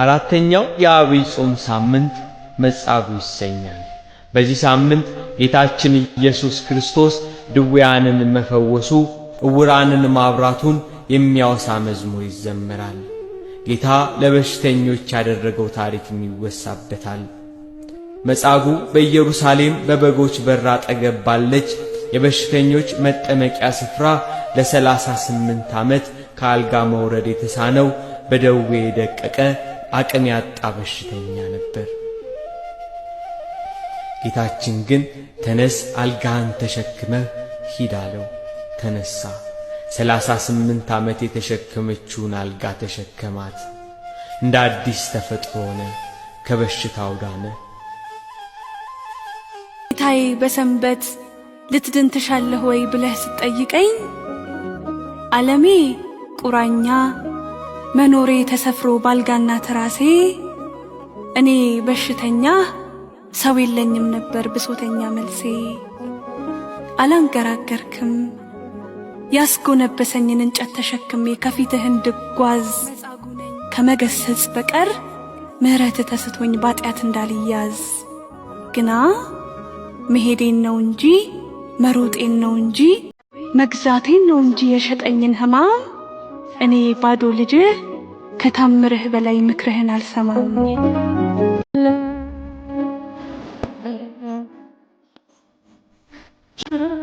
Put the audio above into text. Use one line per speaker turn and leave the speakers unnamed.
አራተኛው የአብይ ጾም ሳምንት መጻጉዕ ይሰኛል። በዚህ ሳምንት ጌታችን ኢየሱስ ክርስቶስ ድውያንን መፈወሱ፣ እውራንን ማብራቱን የሚያወሳ መዝሙር ይዘመራል። ጌታ ለበሽተኞች ያደረገው ታሪክም ይወሳበታል። መጻጉዕ በኢየሩሳሌም በበጎች በር አጠገብ ባለች የበሽተኞች መጠመቂያ ስፍራ ለሰላሳ ስምንት ዓመት ከአልጋ መውረድ የተሳነው በደዌ የደቀቀ አቅም ያጣ በሽተኛ ነበር። ጌታችን ግን ተነስ፣ አልጋህን ተሸክመህ ሂድ አለው። ተነሳ። ሰላሳ ስምንት ዓመት የተሸከመችውን አልጋ ተሸከማት። እንደ አዲስ ተፈጥሮ ሆነ፣ ከበሽታው ዳነ።
ጌታዬ በሰንበት ልትድን ትሻለህ ወይ ብለህ ስትጠይቀኝ ዓለሜ ቁራኛ መኖሬ ተሰፍሮ ባልጋና ትራሴ እኔ በሽተኛ ሰው የለኝም ነበር ብሶተኛ መልሴ። አላንገራገርክም ያስጎነበሰኝን እንጨት ተሸክሜ ከፊትህ እንድጓዝ ከመገሰጽ በቀር ምህረት ተስቶኝ ባጢአት እንዳልያዝ። ግና መሄዴን ነው እንጂ መሮጤን ነው እንጂ መግዛቴን ነው እንጂ የሸጠኝን ህማም እኔ ባዶ ልጅ ከታምርህ በላይ ምክርህን አልሰማም።